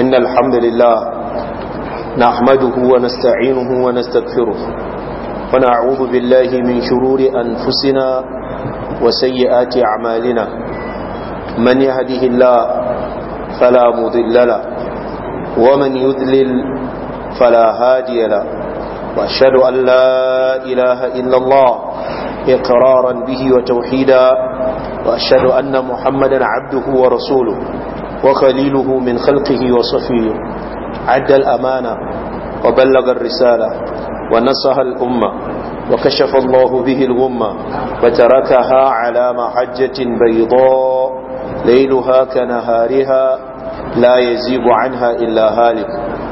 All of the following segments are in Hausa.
إن الحمد لله نحمده ونستعينه ونستغفره ونعوذ بالله من شرور أنفسنا وسيئات أعمالنا من يهده الله فلا مضل له ومن يذلل فلا هادي له وأشهد أن لا إله إلا الله إقرارا به وتوحيدا وأشهد أن محمدا عبده ورسوله وخليله من خلقه وصفيه عد الأمانة وبلغ الرسالة ونصها الأمة وكشف الله به الغمة وتركها على محجة بيضاء ليلها كنهارها لا يزيب عنها إلا هالك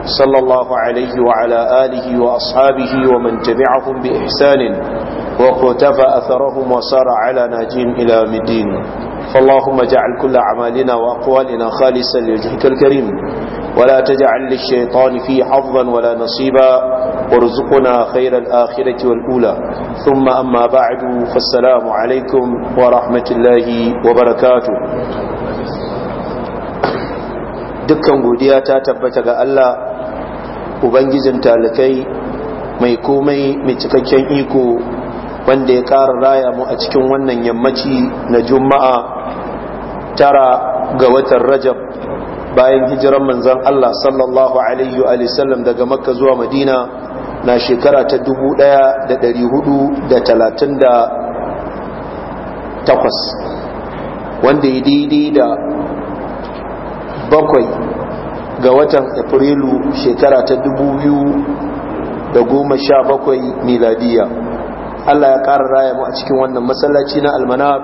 صلى الله عليه وعلى آله وأصحابه ومن تبعهم بإحسان وقتف أثرهم وصار على ناجين إلى مدين فاللهم اجعل كل أعمالنا وأقوالنا خالصا لوجهك الكريم ولا تجعل للشيطان فيه حظا ولا نصيبا وارزقنا خير الآخرة والأولى ثم أما بعد فالسلام عليكم ورحمة الله وبركاته dukkan godiya ta tabbata ga Allah Ubangijin talakai mai komai mai cikakken iko wanda ya ƙara raya mu a cikin wannan yammaci na juma'a tara ga watan rajab bayan hijiran manzan Allah sallallahu alaihi wa sallam daga makka zuwa madina na shekara ta 1438 wanda ya daidai da bakwai ga watan afrilu shekara ta 2017 miladiya Allah ya ƙara raya mu a cikin wannan masallaci na almanar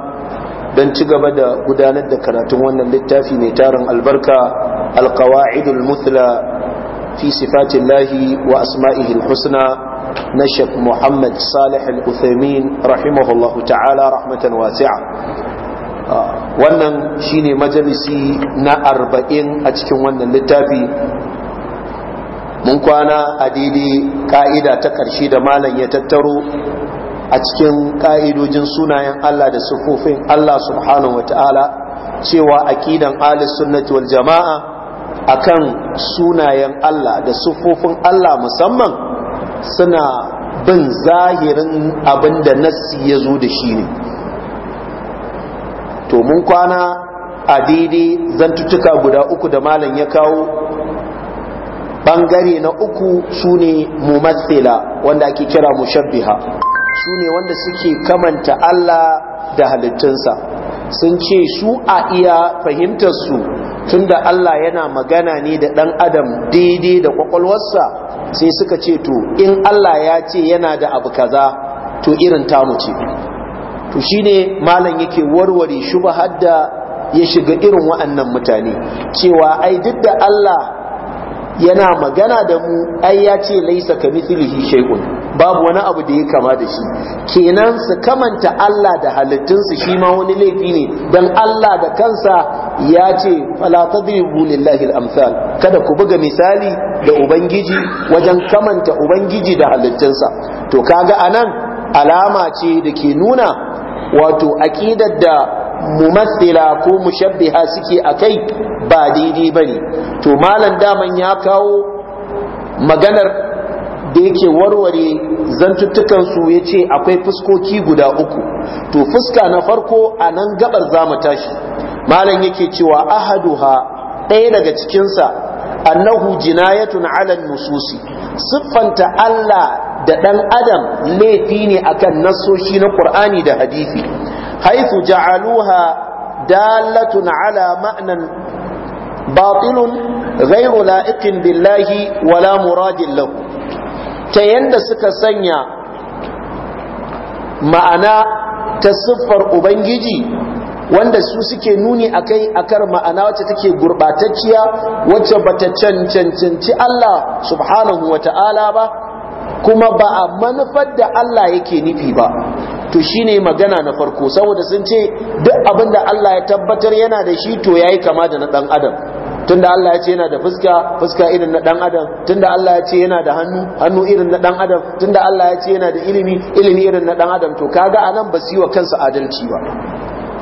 don ci gaba da gudanar da karatun wannan littafi mai tarin albarka alkawa'idul mutla fi sifatin lahi wa asma'ihil husna na shek muhammad salih al-uthaymin ta'ala rahmatan wasi'a wannan shine majalisi na arba'in a cikin wannan littafi mun kwana a daidai ka'ida ta ƙarshe da malam ya tattaro a cikin ƙa'idojin sunayen Allah da sufofin Allah subhanahu wa ta'ala cewa aqidan alis sunnati wal jama'a akan sunayen Allah da sufofin Allah musamman suna bin zahirin abin da nassi ya zo da shi ne to mun kwana a daidai zantuttuka guda uku da malam ya kawo bangare na uku su ne wanda ake kira mushabbiha su ne wanda suke kamanta Allah da halittunsa sun ce su a iya fahimtarsu tunda Allah yana magana ne da ɗan adam daidai da kwakwalwarsa, sai suka ce to in Allah ya ce yana da abu kaza to irin tamu ce to shine malam yake warware shubhar da ya shiga irin wa'annan mutane cewa ai duk da Allah yana magana da mu ai ya ce laisa ka mithilihi shaykhun babu wani abu da ya kama da shi kenan su kamanta Allah da halittunsu shi ma wani laifi ne don Allah da kansa ya ce fala lillahi al-amsal kada ku buga misali da ubangiji wajen kamanta ubangiji da halittunsa to kaga anan alama ce da ke nuna wato aqidar da mumathila ko mushabbiha suke akai ba daidai bane to malam daman ya kawo maganar da yake warware zantuttukansu ya ce akwai fuskoki guda uku to fuska na farko a nan gabar za mu tashi malam yake cewa ha ɗaya daga cikinsa annahu jinayatun alal nususi siffanta Allah da ɗan adam laifi ne akan nasoshi na Qur'ani da hadisi haifu ja'aluha dalatun ala ma'nan batilun ghairu la'ikin billahi wala muradin lahu ta yanda suka sanya ma'ana ta siffar ubangiji wanda su suke nuni akai akar ma'ana wacce take gurbatacciya wacce ba ta cancanci Allah subhanahu wata'ala ba kuma ba a manufar da Allah yake nufi ba to shine magana na farko saboda sun ce duk abinda Allah ya tabbatar yana da shi to yayi kama da na ɗan adam tunda Allah ya ce yana da fuska fuska irin na dan adam tunda Allah ya ce yana da hannu hannu irin na dan adam tunda Allah ya ce yana da ilimi ilimi irin na dan adam to kaga anan ba su yi wa kansu adalci ba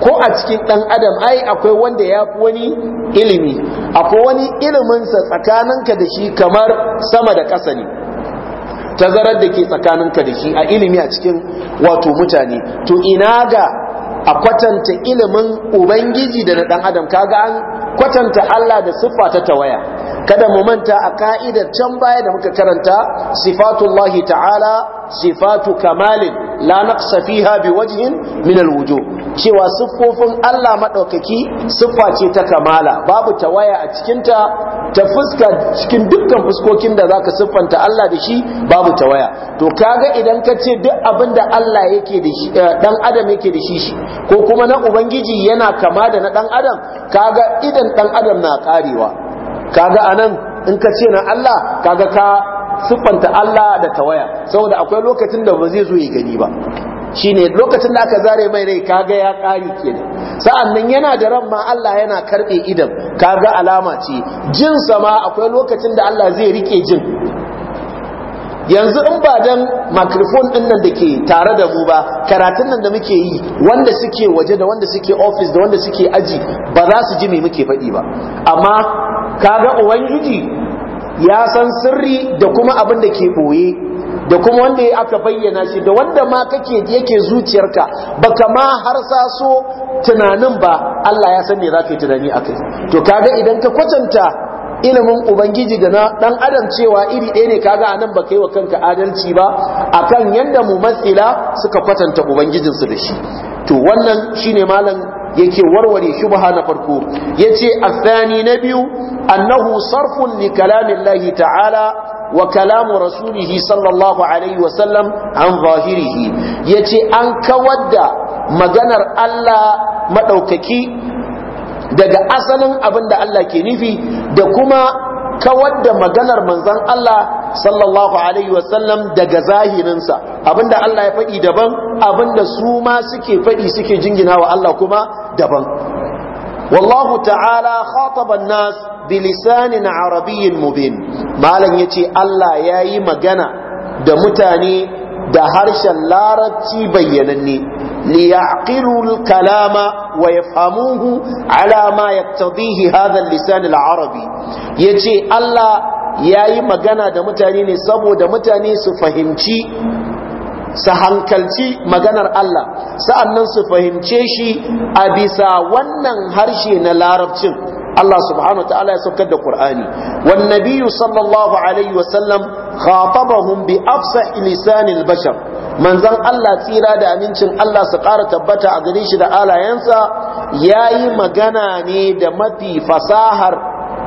ko a cikin dan adam ai akwai wanda ya fi wani ilimi akwai wani iliminsa tsakaninka da shi kamar sama da ƙasa ne tazarar da ke tsakaninka da shi a ilimi a cikin wato mutane to ina ga a kwatanta ilimin ubangiji da na dan adam kaga an kwatanta Allah da siffa ta tawaya kada mu manta a ka'idar can baya da muka karanta sifatullahi ta'ala sifatu kamalin la naqsa fiha biwajhin min alwujuh cewa siffofin Allah maɗaukaki siffa ce ta kamala babu tawaya a cikinta ta fuska cikin dukkan fuskokin da zaka siffanta Allah da shi babu tawaya to kaga idan ka ce duk abin da Allah yake da shi dan eh, adam yake da shi shi ko kuma na ubangiji yana kama da na dan adam kaga idan dan adam na karewa kaga anan in ka ce na Allah kaga ka siffanta Allah da tawaya saboda akwai lokacin da ba zai zo ya gani ba shine lokacin da aka zare mai rai kaga ya kare kenan sa'an nan yana da ran ma Allah yana karɓe idan kaga alama ce jin sama akwai lokacin da Allah zai rike jin yanzu in ba dan microphone din nan dake tare da mu ba karatun nan da muke yi wanda suke waje da wanda suke office da wanda suke aji ba za su ji me muke faɗi ba amma kaga ubangiji ya san sirri da kuma abin da ke ɓoye. da kuma wanda ya aka bayyana shi da wanda ma kake yake zuciyarka baka ma har saso tunanin ba Allah ya san me zaka yi tunani akai to kaga idan ka kwatanta ilimin ubangiji da na dan adam cewa iri ɗaya ne kaga anan baka yi wa kanka adalci ba akan yanda mu masila suka kwatanta ubangijin su da shi to wannan shine malam yake warware shubha na farko yace athani na biyu annahu sarfun li kalamillahi ta'ala wa kalamu rasulihi sallallahu alaihi wasallam an zahirihi yace an kawar da maganar Allah maɗaukaki daga asalin abin da Allah ke nufi da kuma kawar da maganar manzon Allah sallallahu alaihi wasallam daga zahirinsa abinda Allah ya faɗi daban abinda su ma suke faɗi suke jingina wa Allah kuma daban wallahu ta'ala khataba an-nas bilisanin arabiyyin mubin malam yace Allah yayi magana da mutane da harshen larabci bayyananne li ya'qilu al-kalama wa yafhamuhu ala ma yaqtadihi hadha al-lisan al-arabi yace Allah yi magana da mutane ne saboda mutane su fahimci su hankalci maganar Allah sa'annan su fahimce shi a bisa wannan harshe na larabcin Allah subhanahu wa ta'ala ya saukar da Kur'ani, wani nabiyyu sallallahu alaihi wa sallam khatabahum bi afsa lisanil bashar manzon Allah tsira da amincin Allah su ƙara tabbata a gare shi da alayensa yayi magana ne da mafi fasahar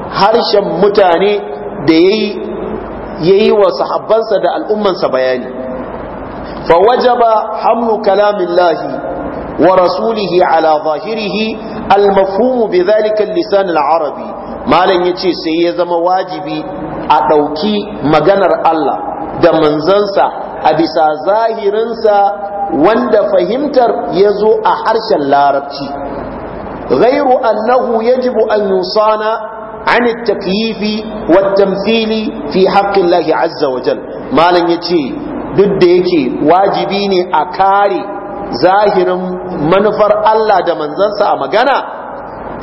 harshen mutane da ya yayi wa sahabbansa da al'ummansa bayani fa wajaba hamlu kalamillahi wa rasulihi ala zahirihi al-mafhumu bi dhalika al-lisan al-arabi malan yace sai ya zama wajibi a ɗauki maganar Allah da manzansa a bisa zahirinsa wanda fahimtar ya zo a harshen larabci غير أنه يجب أن يصان عن التكييف والتمثيل في حق الله عز وجل ما لن duk da yake wajibi ne a kare zahirin manufar Allah da manzansa a magana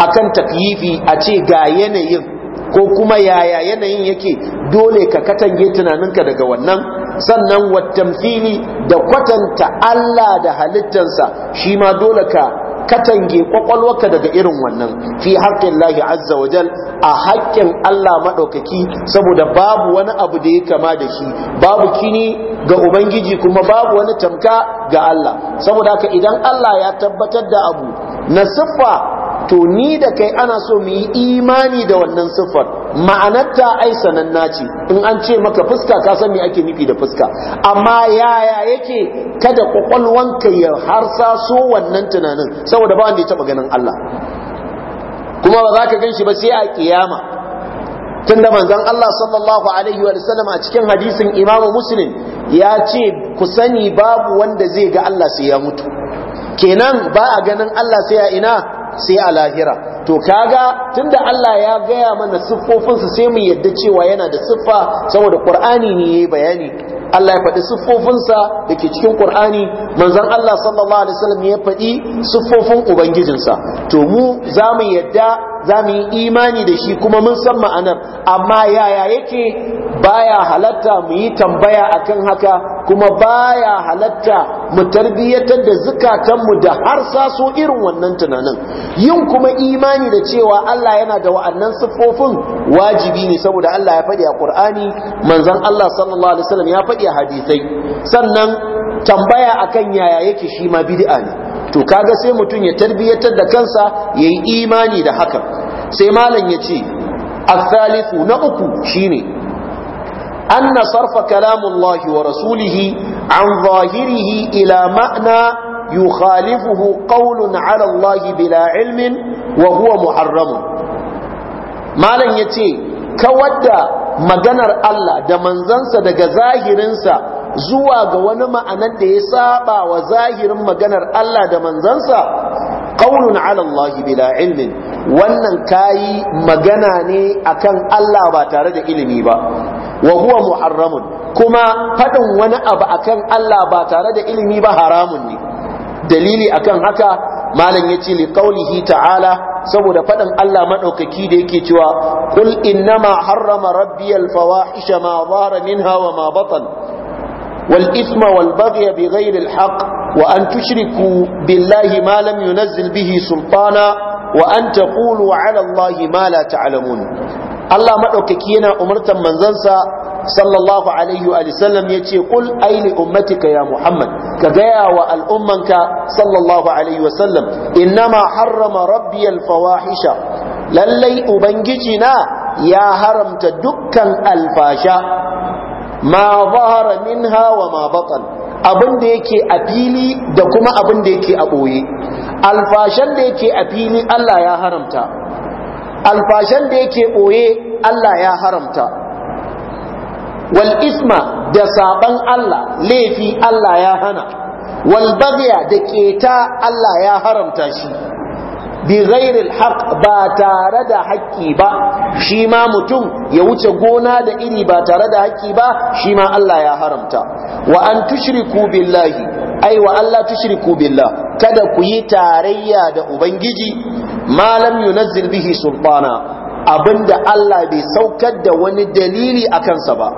akan takyifi a ce ga yanayin ko kuma yaya yanayin yake dole ka katange tunaninka daga wannan sannan watan fili da kwatanta Allah da halittansa shi ma dole ka katange kwakwalwarka daga irin wannan fi haƙƙin lahi azza wa jal a haƙƙin Allah maɗaukaki saboda babu wani abu da ya kama da shi babu kini ga ubangiji kuma babu wani tamka ga Allah saboda haka idan Allah ya tabbatar da abu na siffa to ni da kai ana so mu yi imani da wannan siffar ma'anarta ai sananna ce in an ce maka fuska ka san me ake nufi da fuska amma yaya yake kada kwakwalwanka ya harsa so wannan tunanin saboda ba wanda ya taba ganin Allah kuma ba za ka gan shi ba sai a kiyama tunda manzon Allah sallallahu alaihi wa sallam a cikin hadisin Imam Muslim ya ce ku sani babu wanda zai ga Allah sai ya mutu kenan ba a ganin Allah sai a ina sai a lahira to kaga tunda Allah ya gaya mana siffofinsa sai mu yadda cewa yana da siffa saboda Qur'ani ne yayi bayani Allah ya faɗi siffofinsa da ke cikin Qur'ani manzon Allah sallallahu alaihi wasallam ya faɗi siffofin ubangijinsa to mu za mu yadda za mu yi imani da shi kuma mun san ma'anar amma yaya yake baya halatta mu yi tambaya akan haka kuma baya halatta mu tarbiyyatar da zukatanmu da har saso irin wannan tunanin yin kuma imani da cewa Allah yana da wa'annan siffofin wajibi ne saboda Allah ya faɗi a Qur'ani manzon Allah sallallahu alaihi wasallam ya faɗi a hadisai sannan tambaya akan yaya yake shi ma bid'a ne to kaga sai mutum ya tarbiyyatar da kansa yayi imani da hakan sai malam ya ce الثالث na uku shine anna sarfa kalamullahi wa rasulihi an zahirihi ila ma'ana yukhalifuhu qawlun ala Allah bila ilmin wa huwa Malam malan yace kawar da maganar Allah da manzansa daga zahirinsa zuwa ga wani ma'anar da ya saɓa wa zahirin maganar Allah da manzansa qawlun ala Allah bila ilmin wannan kayi magana ne akan Allah ba tare da ilimi ba wa huwa muharramun kuma faɗin wani abu akan Allah ba tare da ilimi ba haramun ne dalili akan haka malam yace li qaulihi ta'ala saboda faɗin Allah madaukaki da yake cewa qul innama harrama rabbiyal fawahisha ma zahara minha wa ma batan wal isma wal baghya bighayri al haqq wa an tushriku billahi ma lam yunzil bihi sultana wa an taqulu ala allahi ma la ta'lamun Allah maɗaukaki yana umartar manzansa sallallahu alaihi wa sallam ya ce kul aini ummatika ya muhammad ka gaya wa al'ummanka sallallahu alaihi wa sallam innama harrama rabbiyal fawahisha lallai ubangiji na ya haramta dukkan alfasha ma zahara minha wa ma batan abin da yake a fili da kuma abin da yake a ɓoye alfashan da yake a fili Allah ya haramta alfashan da yake ɓoye Allah ya haramta wal isma da saban Allah laifi Allah ya hana wal bagya da keta Allah ya haramta shi bi ghairil ba tare da haƙƙi ba shi ma mutum ya wuce gona da iri ba tare da haƙƙi ba shi ma Allah ya haramta wa an tushriku billahi ai wa Allah tushriku billah kada ku yi tarayya da ubangiji ma lam yunazzil bihi sultana abinda Allah bai saukar da wani dalili a kansa ba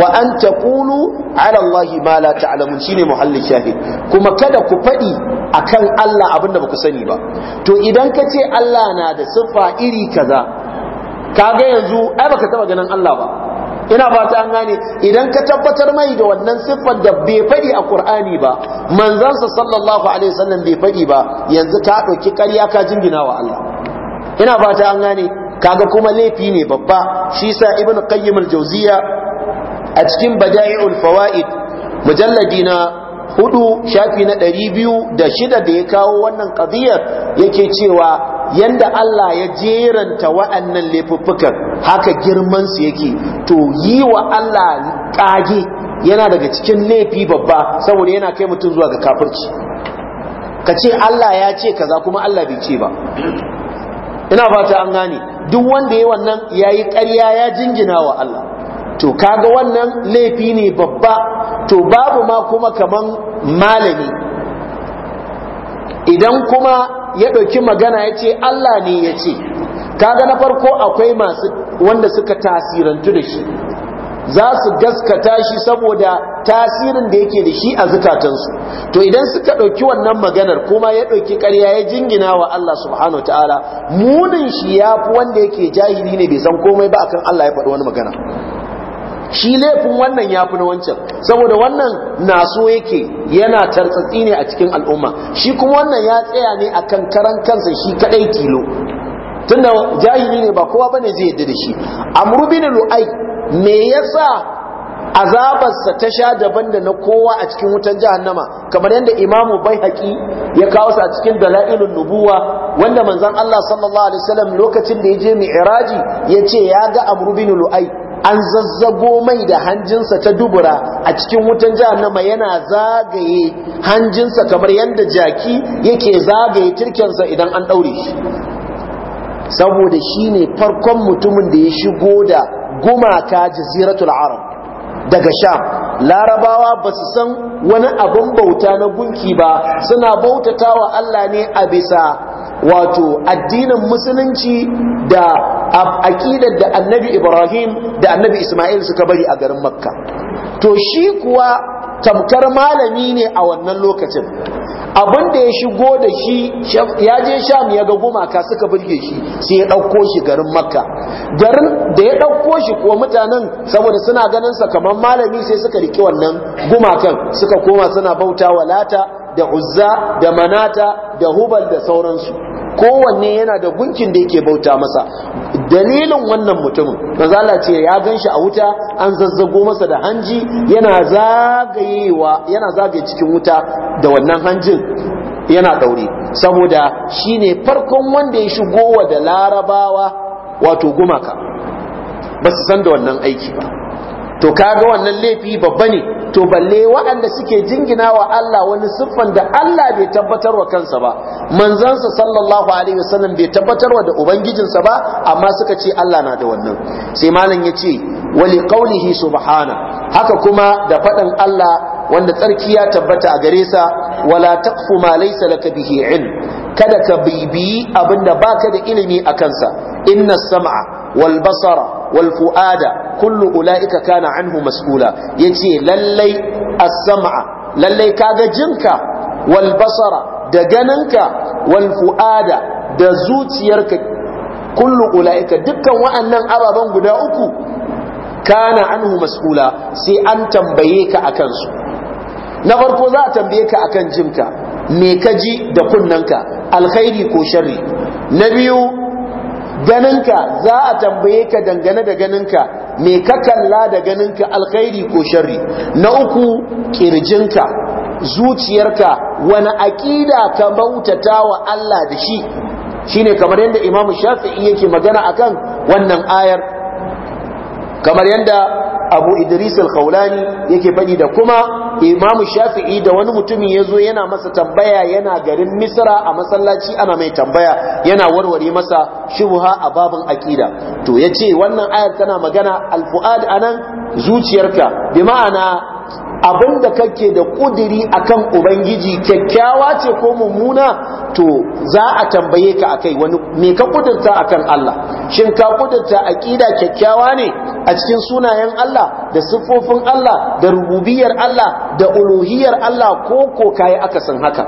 wa an taqulu ala Allah ma la ta'lamun shine muhallin shahid kuma kada ku faɗi akan Allah abinda ba ku sani ba to idan ka ce Allah na da siffa iri kaza kaga yanzu ai baka taba ganin Allah ba ina ba an gane idan ka tabbatar mai da wannan siffar da bai faɗi a Qur'ani ba manzansa sallallahu alaihi wasallam bai faɗi ba yanzu ka ɗauki ƙarya ka jingina wa Allah ina fata an gane kaga kuma laifi ne babba shi sa ibnu qayyim al-jawziya a cikin bada'i'ul fawaid mujalladi na hudu shafi na ɗari biyu da shida da ya kawo wannan ƙaziyar yake cewa yanda Allah ya jeranta wa'annan laifuffukan haka girmansu yake to yi wa Allah ƙage yana daga cikin laifi babba saboda yana kai mutum zuwa ga kafirci ka ce Allah ya ce kaza kuma Allah bai ce ba ina fata an gane duk wanda ya wannan yayi ƙarya ya jingina wa Allah to kaga wannan laifi ne babba to babu ma kuma kaman malami idan kuma ya ɗauki magana ya ce Allah ne ya ce kaga na farko akwai masu wanda suka tasirantu da shi za su gaskata shi saboda tasirin da yake da shi a zukatansu to idan suka ɗauki wannan maganar kuma ya ɗauki karya ya jingina wa Allah subhanahu wa ta'ala munin shi ya fi wanda yake jahili ne bai san komai ba akan Allah ya faɗi wani magana shi laifin wannan ya fi na wancan saboda wannan na so yake yana tartsatsi ne a cikin al'umma shi kuma wannan ya tsaya ne a kan karan kansa shi kadai kilo tunda jahili ne ba kowa bane zai yadda da shi Amrubin lu'ai me yasa azabarsa ta sha daban da na kowa a cikin wutan jahannama kamar yadda imamu baihaqi ya kawo sa a cikin dalailun nubuwa wanda manzan Allah sallallahu alaihi wasallam lokacin da ya je mai yace ya ga Amrubin lu'ai an zazzago mai da hanjinsa ta dubura a cikin wutan jahannama yana zagaye hanjinsa kamar yadda jaki yake zagaye turkensa idan an ɗaure shi saboda shi ne farkon mutumin da ya shigo da gumaka jaziratul arab daga sham larabawa ba su san wani abin bauta na gunki ba suna bautatawa Allah ne a bisa wato addinin musulunci da aqidar da annabi ibrahim da annabi ismail suka bari a garin makka to shi kuwa tamkar malami ne a wannan lokacin abun da ya shigo da shi ya je sham ya ga gumaka suka burge shi sai ya ɗauko shi garin makka garin da ya ɗauko shi kuwa mutanen saboda suna ganin sa kamar malami sai suka riƙe wannan gumakan suka koma suna bauta walata, da uzza da manata da hubal da sauransu kowanne yana da gunkin da yake bauta masa dalilin wannan mutumin manzo ce ya shi a wuta an zazzago masa da hanji yana zagayewa yana zagaye cikin wuta da wannan hanjin yana daure saboda shi ne farkon wanda ya shigowa da larabawa wato gumaka ba su san da wannan aiki ba to kaga wannan laifi babba ne to balle waɗanda suke jingina wa Allah wani siffan da Allah bai tabbatar wa kansa ba manzansa sallallahu alaihi wasallam bai tabbatar wa da ubangijinsa ba amma suka ce Allah na da wannan sai malam ya ce wali qaulihi subhana haka kuma da faɗan Allah wanda tsarki ya tabbata a gare sa wala taqfu ma laysa laka bihi ilm kada ka bibiyi abinda baka da ilimi a kansa inna sam'a wal basara walfu'ada fuada kullu ulaika kana anhu mas'ula yace lallai as-sam'a lallai kaga jinka wal basara da ganinka wal fuada da zuciyarka kullu ulaika dukkan wa'annan ababan guda uku kana anhu mas'ula sai an tambaye ka akan su na farko za a tambaye ka akan jinka me ka ji da kunnanka alkhairi ko sharri na biyu ganinka za a tambaye ka dangane da ganinka me ka kalla da ganinka alkhairi ko sharri na uku kirjinka zuciyarka wani aƙida ka bautata wa Allah da shi shine kamar yadda Imam Shafi'i yake magana akan wannan ayar kamar yadda abu idris al-khawlani yake faɗi da kuma imamu shafi'i da wani mutumin ya zo yana masa tambaya yana garin misra a masallaci ana mai tambaya yana warware masa shubha a babin aƙida. to ya ce wannan ayar tana magana al-Fu'ad a anan zuciyarka bi ma'ana abin da kake da kudiri akan ubangiji kyakkyawa ce ko mummuna to za a tambaye ka akai wani me ka a akan Allah shin ka kudurta aqida kyakkyawa ne a cikin sunayen Allah da siffofin Allah da rububiyar Allah da uluhiyar Allah ko ko kayi akasin haka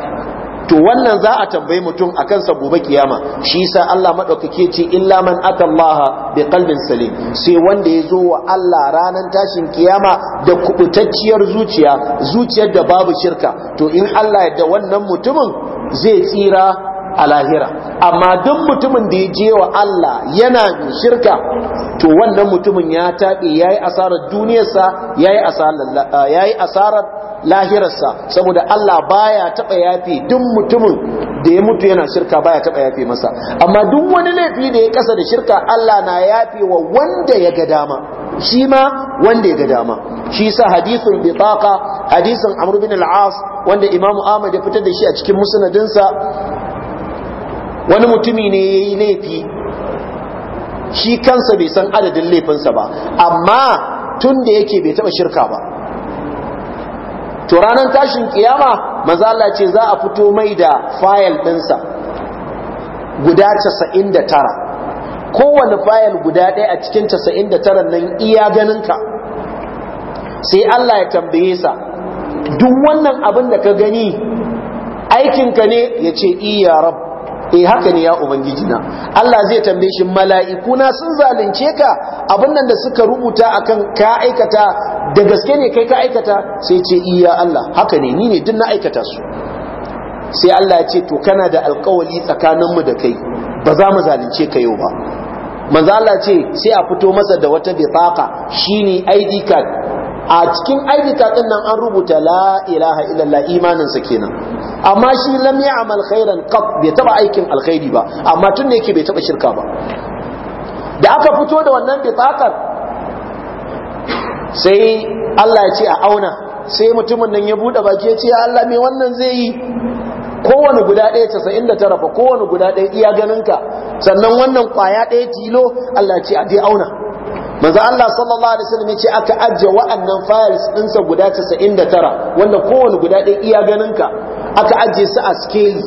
to wannan za a tambayi mutum a kansa gobe kiyama shi yasa Allah madaukake ce illa man atallaha bi qalbin salim sai wanda ya zo wa Allah ranan tashin kiyama da kubutacciyar zuciya zuciyar da babu shirka to in Allah ya da wannan mutumin zai tsira a lahira amma duk mutumin da ya je wa Allah yana shirka to wannan mutumin ya taɓe ya yi asarar duniyarsa ya yi asarar lahirarsa saboda Allah baya taɓa yafe duk mutumin da ya mutu yana shirka baya taɓa yafe masa amma duk wani laifi da ya kasa da shirka Allah na yafe wa wanda ya ga dama shi ma wanda ya ga dama shi sa hadisin bitaka hadisin amr bin al-as wanda imamu ahmad ya fitar da shi a cikin musnadinsa wani mutumi ne ya yi laifi shi kansa bai san adadin laifinsa ba amma tun da yake bai taɓa shirka ba to ranar tashin kiyama mazala ce za a fito mai da fayil ɗinsa guda 99 kowane fayil guda ɗaya a cikin casa'in da tara nan iya ganinka sai Allah ya tambaye sa duk wannan abin da ka gani aikinka ne ya ce iya rab eh haka ne ya ubangiji na Allah zai tambaye shi mala'iku na sun zalunce ka abin nan da suka rubuta akan ka aikata da gaske ne kai ka aikata sai ce iya eh, Allah haka ne ni ne duk na aikata su sai Allah ya ce to kana da alkawali tsakaninmu da kai ba za mu zalunce ka yau ba manzo Allah ce sai a fito masa da wata bitaqa shine ID card a cikin ID card din nan an rubuta la ilaha illallah imanin sa kenan amma shi lam amal khairan qab bai taba aikin alkhairi ba amma tun ne yake bai taba shirka ba da aka fito da wannan bitakar sai Allah ya ce a auna sai mutumin nan ya bude baki ya ce ya Allah me wannan zai yi kowane guda ɗaya casa'in da tara fa kowane guda ɗaya iya ganinka sannan wannan kwaya ɗaya tilo Allah ce a je auna manzo Allah sallallahu alaihi wasallam yace aka ajje wa'annan files ɗinsa guda casa'in da tara wanda kowane guda ɗaya iya ganinka aka ajiye su a skeli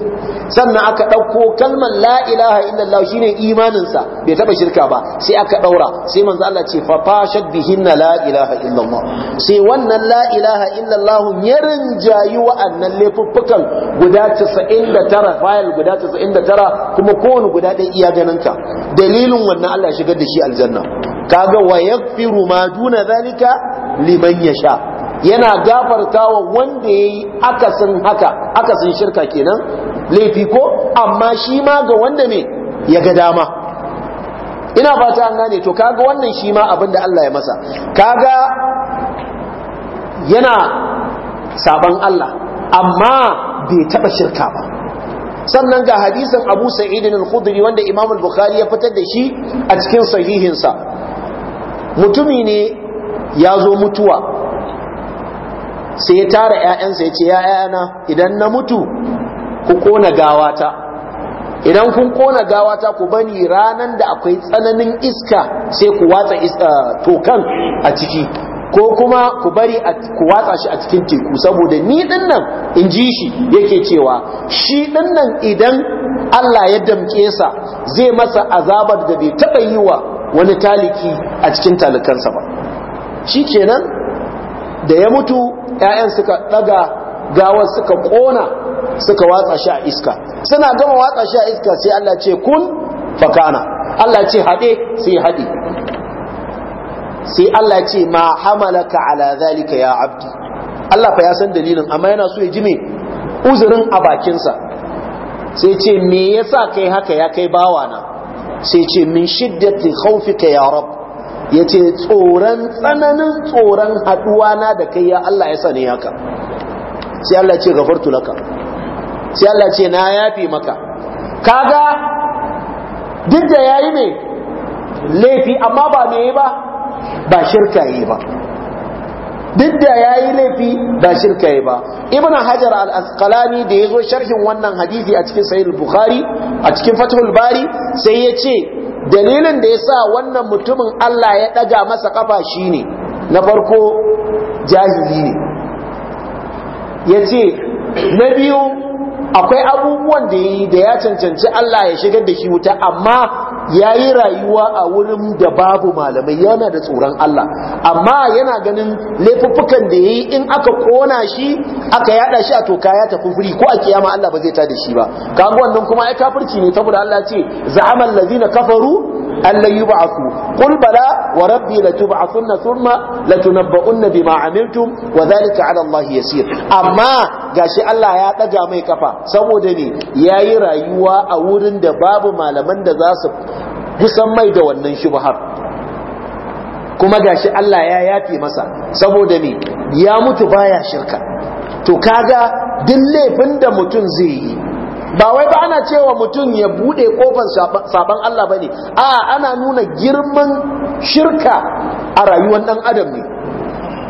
sannan aka ɗauko kalmar la ilaha illallah shine imaninsa bai taɓa shirka ba sai aka ɗaura sai manzo Allah ce fa fashat bihinna la ilaha illallah sai wannan la ilaha illallah ya rinjayi wa'annan laifuffukan guda 99 fayil guda 99 kuma kowane guda ɗaya iya ganinka dalilin wannan Allah ya shigar da shi aljanna kaga wa yaghfiru ma duna zalika liman yasha yana gafartawa wanda ya yi akasin haka akasin shirka kenan laifi ko amma shi ma ga wanda ne ya ga dama ina fata an gane to kaga wannan shi ma abin da Allah ya masa kaga yana sabon Allah amma bai taba shirka ba sannan ga hadisin Abu sa'idin al-Khudri wanda Imam al-Bukhari ya fitar da shi a cikin sahihinsa mutumi ne ya zo mutuwa sai ya tara ‘ya'yansa ya ce ya ‘ya'yana idan na mutu ku kona gawata idan kun kona gawata ku bani ranan da akwai tsananin iska sai ku watsa uh, tokan a ciki ko kuma ku bari ku watsa shi a cikin teku saboda ni din nan in ji shi yake cewa shi din nan idan Allah ya damke sa zai masa azabar da bai taɓa yi wa wani taliki a cikin talikansa ba shi kenan da ya mutu ƴaƴan suka ɗaga gawar suka ƙona suka watsa shi a iska suna gama watsa shi a iska sai Allah ce kun fakana Allah ce haɗe sai haɗe sai Allah ce ma hamalaka ala zalika ya abdi Allah fa ya san dalilin amma yana so ya ji me uzurin a bakinsa sai ce me yasa kai haka ya kai bawana sai ce min shiddati khawfika ya rabb ya ce tsoron tsananin tsoron haɗuwa na da kai ya Allah ya sani haka sai Allah ce gafartu laka sai Allah ce na yafe maka kaga duk da yayi ne laifi amma ba me ba ba shirka yi ba duk da yayi laifi ba shirka yi ba ibn hajar al-asqalani da yazo sharhin wannan hadisi a cikin sahih bukhari a cikin fathul bari sai ya ce dalilin da ya sa wannan mutumin Allah ya ɗaga masa ƙafa shi ne na farko jahili ne ya ce na biyu akwai abubuwan da da ya cancanci Allah ya shigar da shi wuta amma ya yi rayuwa a wurin da babu malamai yana da tsoron Allah amma yana ganin laifuffukan da ya yi in aka kona shi aka yada shi a toka ya tafi firi ko a kiyama Allah ba zai ta da shi ba Ga wannan kuma ai kafirci ne saboda Allah ce za'ama allazina kafaru an lan yub'athu qul bala wa rabbi latub'athunna thumma latunabba'unna bima amiltum wa dhalika 'ala Allah yasir amma gashi Allah ya ɗaga mai kafa saboda ne yayi rayuwa a wurin da babu malaman da za su kusan mai da wannan shubhar kuma gashi Allah ya yafe masa saboda me ya mutu baya shirka to kaga duk laifin da mutum zai yi ba wai ba ana cewa mutum ya bude kofar saban Allah bane a ana nuna girman shirka a rayuwar dan adam ne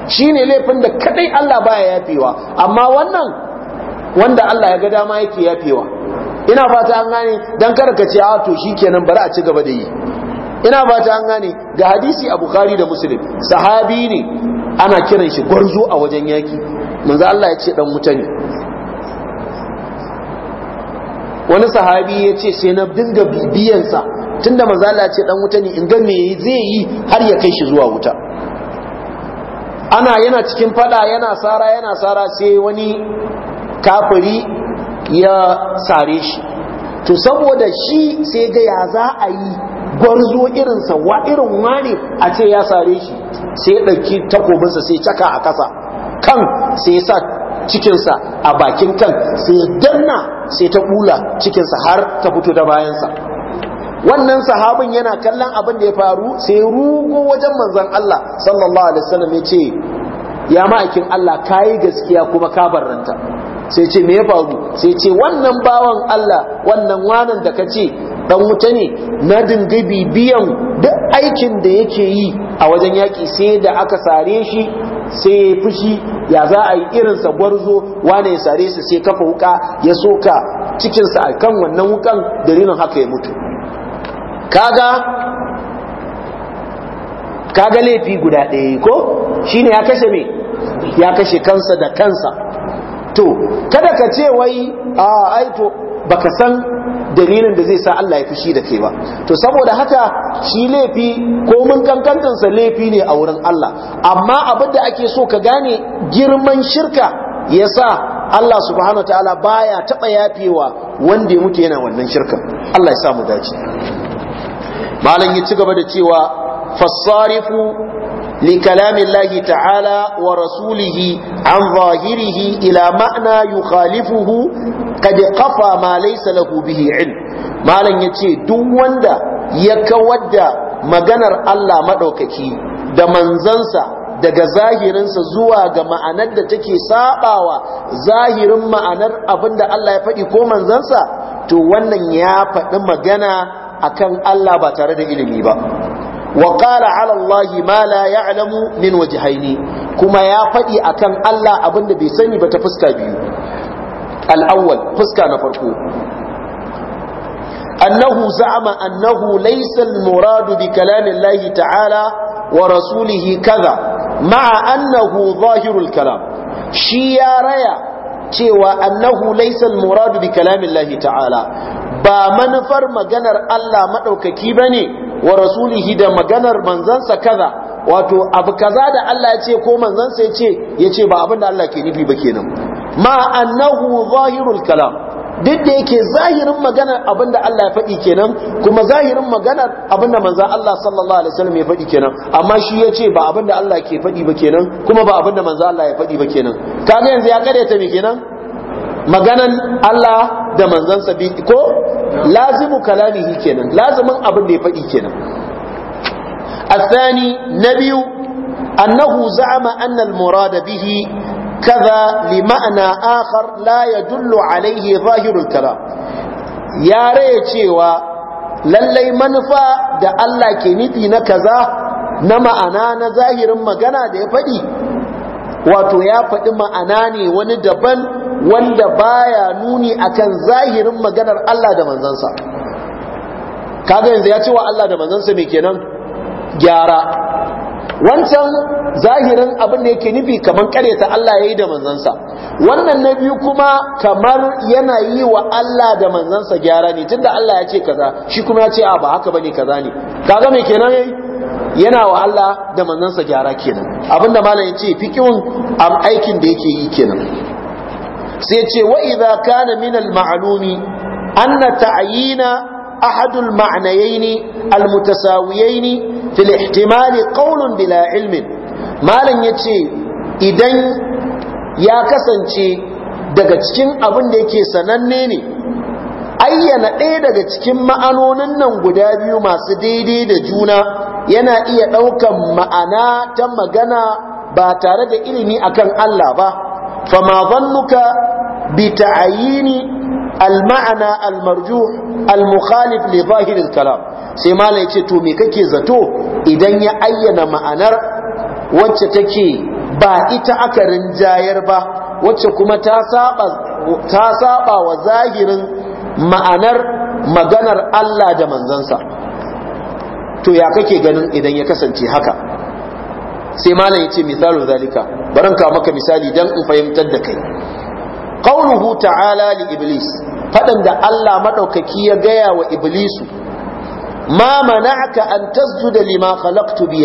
shine laifin da kadai Allah baya yafewa amma wannan wanda Allah ya ga dama yake yafewa ina fata an gane dan kar ka ce a ah, to shikenan bari a ci gaba da yi ina fata an gane ga hadisi a bukhari da muslim sahabi ne ana kiran shi gwarzo a wajen yaki manzo Allah ya ce dan wuta ne wani sahabi ya ce sai na dinga sa tunda manzo Allah ya ce dan wuta ne in ga me zai yi har ya kai shi zuwa wuta ana yana cikin fada yana sara yana sara sai wani kafiri ya sare shi to saboda shi sai ga ya za a yi gwarzo irinsa wa irin wane a ce ya sare shi sai ya ɗauki takobinsa sai caka a ƙasa kan sai ya sa cikinsa a bakin kan sai ya danna sai ta bula cikinsa har ta fito da bayansa wannan sahabin yana kallon abin da ya faru sai rugo wajen manzan Allah sallallahu alaihi wasallam ya ce ya ma'aikin Allah kayi gaskiya kuma ka barranta sai ce me ya faru sai ce wannan bawan Allah wannan wanan da kace dan wuta ne na dinga biyan duk aikin da yake yi a wajen yaki sai da aka sare shi sai ya fushi ya za a yi irinsa gwarzo wane ya sare shi sai kafa wuka ya soka cikinsa a kan wannan wukan dalilin haka ya mutu kaga kaga laifi guda ɗaya ko shine ya kashe me ya kashe kansa da kansa to kada ka ce wai a aito ba baka san dalilin da zai sa Allah ya fushi da kai ba to saboda haka shi laifi ko mun kankantansa laifi ne a wurin Allah amma abin da ake so ka gane girman shirka yasa Allah subhanahu ba baya taba yafewa wanda ya mutu yana wannan shirka. Allah ya samu dace malam ya ci gaba da cewa fassarifu. لكلام الله تعالى ورسوله عن ظاهره إلى معنى يخالفه قد قفى ما ليس له به علم ما لن duk wanda دا يكود da مغنر الله مدوككي دا منزنسا daga zahirinsa zuwa ga ma'anar da take sabawa zahirin ma'anar abinda Allah ya faɗi ko manzansa to wannan ya faɗi magana akan Allah ba tare da ilimi ba wa qala ala allahi ma la ya'lamu min wajhaini kuma ya faɗi akan Allah abinda bai sani ba ta fuska biyu al fuska na farko أنه زعم أنه ليس المراد بكلام الله تعالى ورسوله كذا مع أنه ظاهر الكلام ya raya. cewa annahu laysa muradu bi kalamillahi ta'ala ba manufar maganar Allah madaukaki bane wa rasulihi da maganar manzansa kaza wato abu kaza da Allah ya ce ko manzansa ya ce ya ce ba abin da Allah ke nufi ba kenan ma annahu zahirul kalam duk da yake zahirin maganar abinda Allah ya faɗi kenan kuma zahirin maganar abinda manzon Allah sallallahu alaihi wasallam ya faɗi kenan amma shi ya ce ba abinda Allah ke faɗi ba kenan kuma ba abinda manzon Allah ya faɗi ba kenan kaga yanzu ya ta me kenan maganan Allah da manzansa bi ko lazimu kalamihi kenan lazimin abin da ya faɗi kenan الثاني نبي أنه زعم أن المراد به kaza li ma'ana akhar la yadullu alaihi zahirul kalam ya raya cewa lallai manufa da Allah ke nufi na kaza na ma'ana na zahirin magana da ya faɗi wato ya faɗi ma'ana ne wani daban wanda baya nuni akan zahirin maganar Allah da manzansa kaga yanzu ya ce wa Allah da manzansa mai kenan gyara wancan zahirin abin da yake nufi kamar ta Allah ya yi da manzansa wannan na biyu kuma kamar yana yi wa Allah da manzansa gyara ne tunda Allah ya ce kaza shi kuma ya ce a ba haka bane kaza ne kaga me kenan yayi yana wa Allah da manzansa gyara kenan abinda malam ya ce fikihun am aikin da yake yi kenan sai ce wa idza kana min al ma'lumi anna ta'yina أحد المعنيين المتساويين في الاحتمال قول بلا علم ما لن يتشي إذن يا كسنشي daga cikin abin da yake sananne ne ayyana ɗaya daga cikin ma'anonin nan guda biyu masu daidai da juna yana iya ɗaukan ma'ana ta magana ba tare da ilimi akan Allah ba fama zannuka bi ta'ayini المعنى المرجوح المخالف لظاهر الكلام mukhalif kalam sai malai ce to me kake zato idan ya ayyana ma'anar wacce take ba ita aka rinjayar ba wacce kuma ta saba ta saba wa zahirin ma'anar maganar Allah da manzansa to ya kake ganin idan ya kasance haka sai malam yace misalu zalika baran ka maka misali dan in fahimtar da kai qawluhu ta'ala li iblis faɗin da Allah maɗaukaki ya gaya wa Iblisu, ma mana'aka an tasjuda lima khalaqtu bi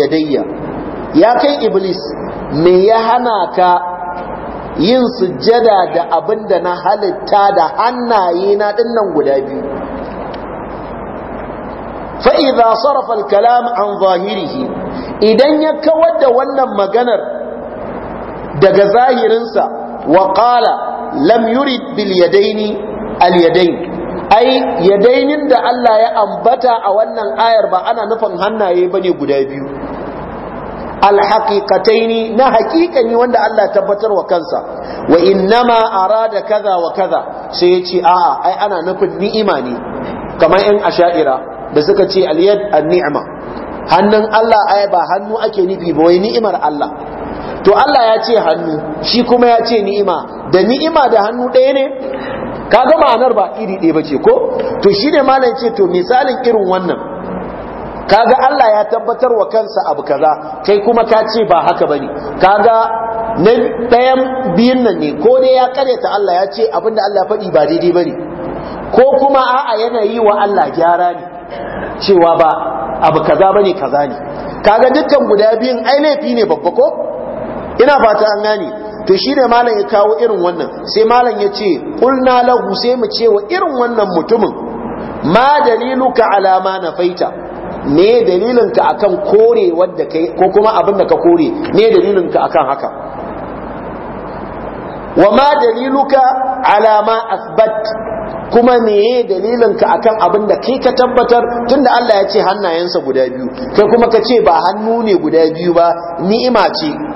ya kai Iblis, me ya hana ka yin sujjada da abin da na halitta da hannaye na dinnan guda biyu. Fa'iza sarrafa kalam an zahirihi, idan ya kawar da wannan maganar daga zahirinsa, wa ƙala lam yurid bil yadaini al ai yadainin da Allah ya ambata a wannan ayar ba ana nufin hannaye bane guda biyu alhaqiqataini na haqiqani wanda Allah tabbatar wa kansa wa innama arada kaza wa kaza sai ya ce a'a ai ana nufin ni'ima ne kamar yan asha'ira da suka ce aliyad an-ni'ma hannun Allah ai ba hannu ake nufi ba wai ni'imar Allah to Allah ya ce hannu shi kuma ya ce ni'ima da ni'ima da hannu ɗaya ne Ka ga ma'anar ba iri ɗaya bace ko to shine malam ce to misalin irin wannan Ka ga Allah ya tabbatar wa kansa abu kaza kai kuma ka ce ba haka bane ga na ɗayan biyun nan ne ko dai ya karyata Allah ya ce abinda Allah ya faɗi ba daidai bane ko kuma a'a yana yi wa Allah gyara ne cewa ba abu kaza bane kaza ne Ka ga dukkan guda biyun ai laifi ne babba ko ina fata an gane to shi ne malam ya kawo irin wannan sai malam ya ce ƙulna lahu sai mu ce wa irin wannan mutumin ma daliluka alama na faita me dalilinka akan kore wadda kai ko kuma abin da ka kore me dalilinka akan haka wa ma daliluka alama asbat kuma meye dalilinka akan abin da kai ka tabbatar tunda Allah ya ce hannayensa guda biyu kai kuma ka ce ba hannu ne guda biyu ba ni'ima ce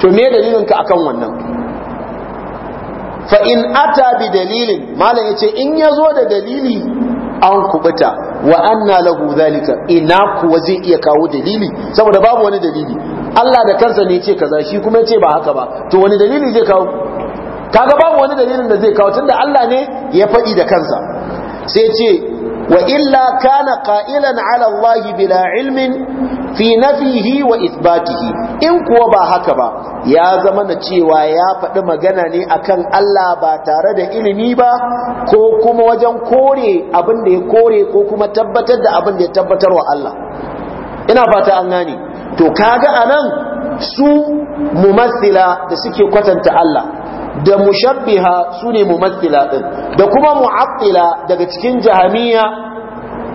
to me dalilin ka akan wannan fa in ata bi dalilin malam yace in yazo da dalili an kubuta wa anna lahu zalika ina kuwa zai iya kawo dalili saboda babu wani dalili Allah da kansa ne yace kaza shi kuma yace ba haka ba to wani dalili zai kawo kaga babu wani dalilin da zai kawo tunda Allah ne ya faɗi da kansa sai yace wa illa kana qa'ilan ala Allah bila ilmin fi nafihi wa ithbatihi in kuwa ba haka ba ya zama na cewa ya faɗi magana ne akan Allah ba tare da ilimi ba ko kuma wajen kore abin da ya kore ko kuma tabbatar da abin da ya tabbatar wa Allah ina fata an gane to kaga anan su mumathila da suke kwatanta Allah da mushabbiha sune ne mumathila din da kuma mu'attila daga cikin jahamiya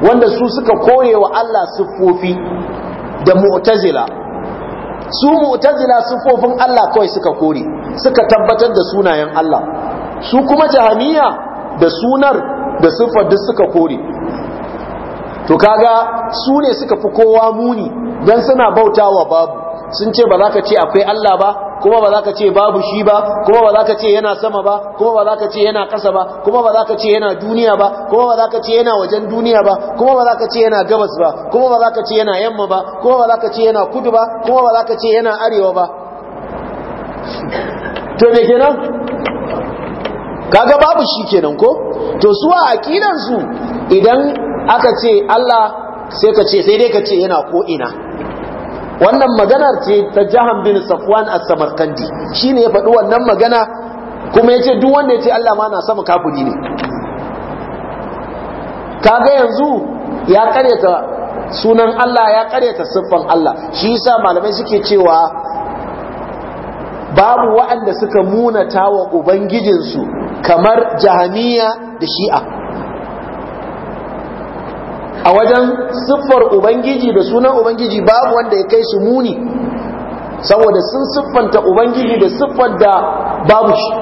wanda su suka koyewa Allah siffofi da mu'tazila su mu'tazila siffofin Allah kawai suka kore suka tabbatar da sunayen Allah su kuma jahamiya da sunar da siffar duk suka kore to kaga su ne suka fi kowa muni dan suna bautawa babu sun ce ba za ka ce akwai Allah ba kuma ba za ka ce babu shi ba kuma ba za ka ce yana sama ba kuma ba za ka ce yana ƙasa ba kuma ba za ka ce yana duniya ba kuma ba za ka ce yana wajen duniya ba kuma ba za ka ce yana gabas ba kuma ba za ka ce yana yamma ba kuma ba za ka ce yana kudu ba kuma ba za ka ce yana arewa ba to me kenan kaga babu shi kenan ko to su a akidan su idan aka ce Allah sai ka ce sai dai ka ce yana ko ina wannan maganar ce ta jahan bin safwan a samarkandi ne ya faɗi wannan magana kuma ya ce duk wanda ya ce Allah ma na sama kafuri ne kaga yanzu ya karyata sunan Allah ya karyata siffan Allah shi yasa malamai suke cewa babu waɗanda suka munata wa ubangijinsu kamar jahaniya da shi'a a wajen siffar ubangiji da sunan ubangiji babu wanda ya kai su muni saboda sun siffanta ubangiji da siffar da babu shi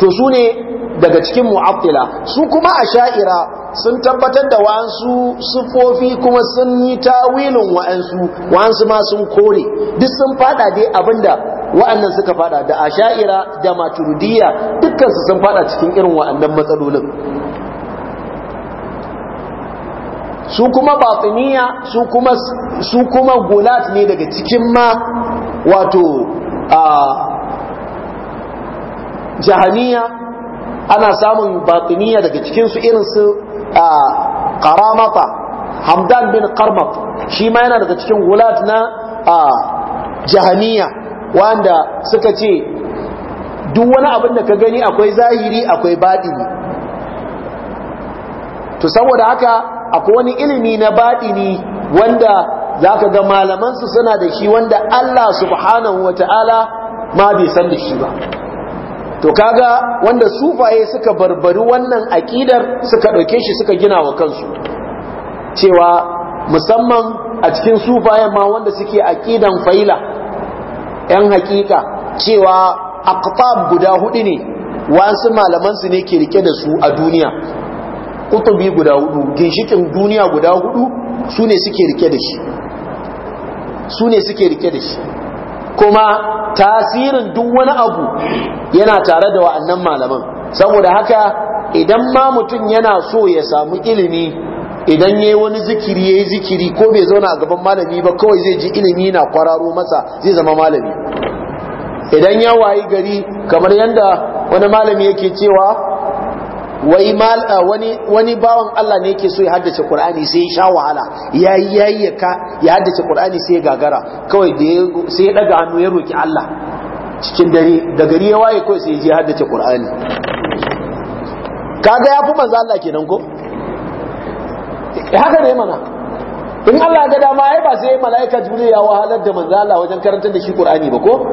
to su ne daga cikin mu'afila, su kuma a sha'ira sun tabbatar da wa'ansu siffofi kuma sun yi tawilin wa'ansu wa'ansu ma sun kore duk sun fada dai abinda wa'annan suka fada da a sha'ira da maturidiyya dukkan sun fada cikin irin wa'annan matsalolin su kuma batiniya su kuma su gulat ne daga cikin ma wato a jahaniya ana samun batiniya daga cikin su irin su a karamata hamdan bin karmat shi ma yana daga cikin gulat na a jahaniya wanda suka ce duk wani abin da ka gani akwai zahiri akwai baɗi to saboda haka akwai wani ilimi na baɗini wanda za ka ga malamansu suna da shi wanda Allah subhanahu wa ta'ala ma bai san da shi ba to kaga wanda sufaye suka barbari wannan aƙidar suka ɗauke shi suka gina wa kansu cewa musamman a cikin sufayen ma wanda suke aƙidan faila 'yan hakika cewa Akpab guda hudu ne wasu malamansu ne ke rike da su a duniya kutubi guda hudu ginshikin duniya guda hudu su ne suke rike da shi su ne suke rike da shi kuma tasirin duk wani abu yana tare da wa'annan malaman saboda haka idan ma mutum yana so ya samu ilimi idan ya yi wani zikiri ya yi zikiri ko bai zauna a gaban malami ba kawai zai ji ilimi na kwararo masa zai zama malami idan ya wayi gari kamar yadda wani malami yake cewa wai mal ah, wani wani bawan Allah ne yake so ya haddace Qur'ani sai ya sha wahala yayi yayi ya ka ya haddace Qur'ani sai ya gagara kawai da sai ya daga hannu ya roki Allah cikin dare da gari ya waye kawai sai ya je haddace Qur'ani kaga ya fi manzo Allah kenan ko haka ne mana in Allah ga dama ai ba sai mala'ika jibril ya wahalar da manzo Allah wajen karantar da shi Qur'ani ba ko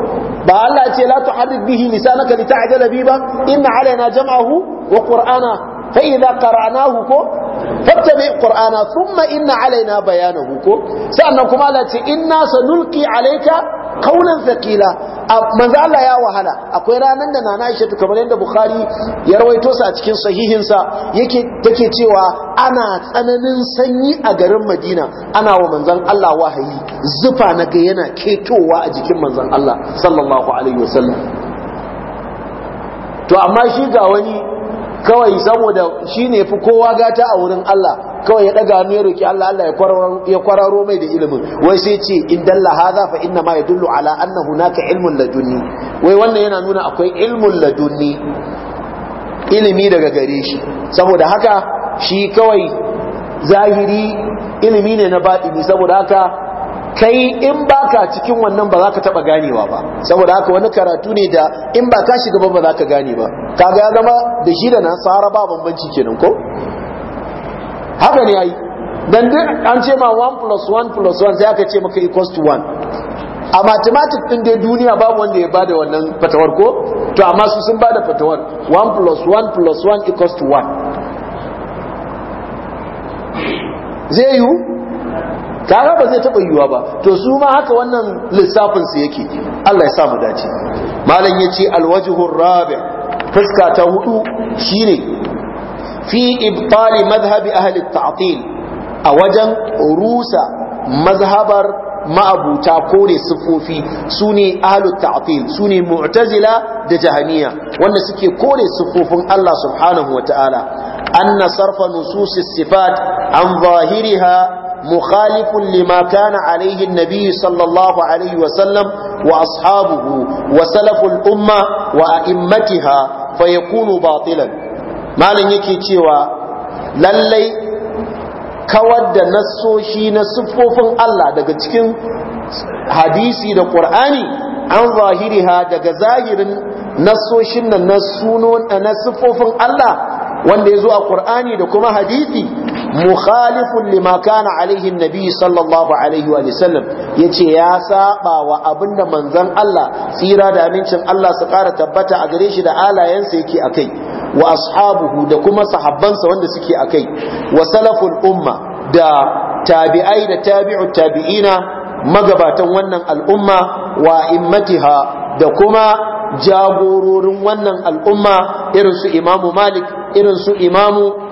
ba Allah ce la tuharrik bihi lisanaka lita'jala bi ba inna alaina jam'ahu wa qur'ana fa idza qara'nahu ko fattabi qur'ana thumma inna alaina bayanahu ko sannan kuma Allah ce inna sanulqi alayka qawlan thaqila manzo Allah ya wahala akwai ranan da nana Aisha kamar yadda Bukhari ya rawaito sa a cikin sahihinsa yake take cewa ana tsananin sanyi a garin Madina ana wa manzon Allah wahayi zufa na ga yana ketowa a jikin manzon Allah sallallahu alaihi wasallam to amma shi ga wani kawai saboda shi ne fi kowa gata a wurin Allah kawai ya daga hannu ya roƙi Allah Allah ya kwararo mai da ilimin wai sai ce in dalla za fa inna ma yadullu ala na hunaka ilmun ladunni wai wannan yana nuna akwai ilmun ladunni ilimi daga gare shi saboda haka shi kawai zahiri ilimi ne na baɗi saboda haka kai in ba ka cikin wannan ba za ka taba ganewa ba saboda haka wani karatu ne da in ba ka shiga ba ba za ka gane ba ka ga zama da shi da nan tsara ba bambanci kenan ko haka ne ai dan duk an ce ma 1 plus 1 plus 1 sai aka ce maka equals to 1 a mathematics din dai duniya babu wanda ya bada wannan fatawar ko to amma su sun bada fatawar 1 plus 1 plus 1 equals to 1 zai yiwu kaga ba zai taɓa yiwuwa ba to su ma haka wannan lissafin su yake Allah ya sa mu dace malam yace alwajhur rabi fuska ta hudu shine fi ibtali madhhabi ahli at-ta'til a wajen rusa mazhabar ma'abuta kore siffofi su ne ahalut ta'atil su ne mu'tazila da jahaniya wanda suke kore siffofin Allah subhanahu wa ta'ala anna sarfa nususis sifat an zahiriha mukhalifun lima kana alaihi nabi sallallahu alaihi wasallam wa ashabuhu wa salaful umma wa a'immatiha fa yakunu batilan malam yake cewa lallai kawar da nasoshi na siffofin Allah daga cikin hadisi da ƙur'ani, an zahiriha daga zahirin nassoshin nan na sunon na siffofin Allah wanda ya zo a ƙur'ani da kuma hadisi mukhalifun lima kana alaihi nabi sallallahu alaihi wa sallam yace ya saba wa abinda manzon Allah tsira da amincin Allah su kara tabbata a gare shi da alayensa yake akai wa ashabuhu da kuma sahabbansa wanda suke akai wa salaful umma da tabi'ai da tabi'u tabi'ina magabatan wannan al'umma wa immatiha da kuma jagororin wannan al'umma irin su imamu malik irin su imamu